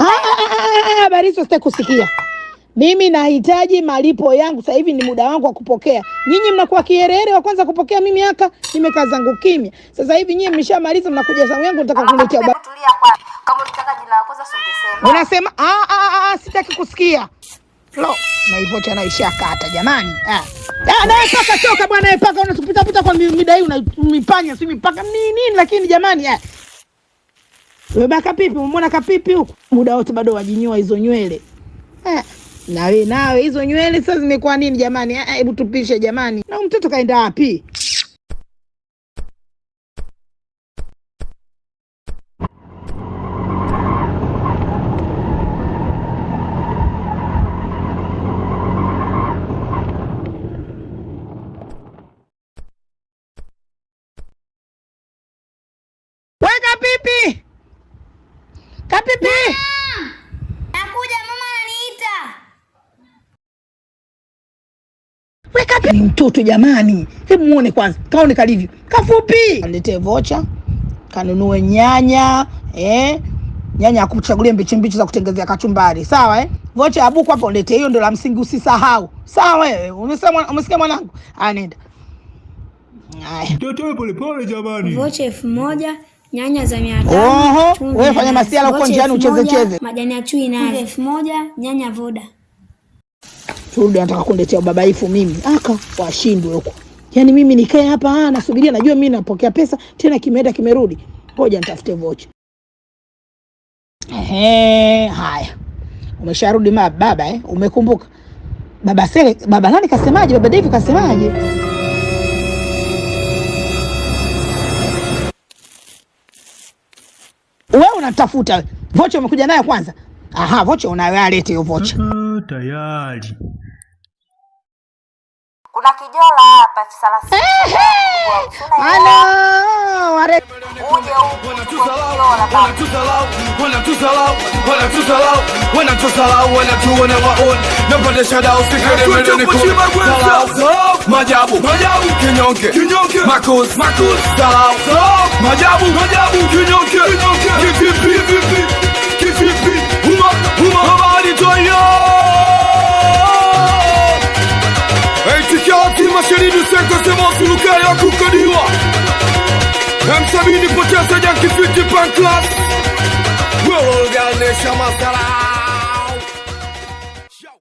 Ah, habari hizo sitaki kusikia. Mimi nahitaji malipo yangu sasa hivi, ni muda wangu wa kupokea. Nyinyi mnakuwa kiherehere wa kwanza kupokea, mimi haka nimekaa zangu kimya. Sasa hivi nyinyi mmeshamaliza, mnakuja zangu yangu, nataka kuniletea baba. Unasema ah, ah ah ah, sitaki kusikia. Lo na hivyo tena isha kata jamani. Ah, eh. eh, naye paka toka bwana, naye paka unatupita pita kwa mida hii unamipanya, si mipaka nini nini, lakini jamani ah. Wewe baka pipi, umeona kapipi huko muda wote bado wajinyua hizo nywele. Ah, na wewe nawe hizo nywele sasa zimekuwa nini jamani? Ah, hebu tupishe jamani. Na mtoto kaenda wapi? Kapipi, Kapipi, nakuja. Mama ananiita. We Kapipi ni mtoto jamani, hebu muone kwanza, kaone kalivyo kafupi. Aletee vocha kanunue nyanya eh? nyanya akuchagulie mbichi mbichi za kutengenezea kachumbari, sawa eh? Vocha ya buku hapo lete, hiyo ndio la msingi, usisahau sawa. Eh? Wewe umesikia mwanangu? Anenda mtoto pole jamani, vocha elfu moja nyanya za mia tano. Oho, wewe fanya masiala huko njiani ucheze cheze. Majani ya chui na elfu moja, nyanya voda. Turudi nataka kuniletea babaifu mimi. Aka washindwe huko. Yaani mimi nikae hapa ah, nasubiria najua mimi napokea pesa tena kimeenda kimerudi. Ngoja nitafute vocha. Ehe, haya. Umesharudi mababa eh? Umekumbuka. Baba Sele, baba nani kasemaje? Baba Dave kasemaje? unatafuta vocha umekuja nayo kwanza? Aha, vocha unayo, alete hiyo vocha. tayari kuna kijola hapa. Majabu, majabu, kinyonge, kinyonge, makus, makus, salau, salau, majabu, majabu, kinyonge, kinyonge, kififi, kififi, kififi, huma, huma, habari toyo. Hey, tikiati, masharidi, seko, semo, suluka, yakukadiwa. Hey, Sabine Potier, c'est qui fuit du panclas. World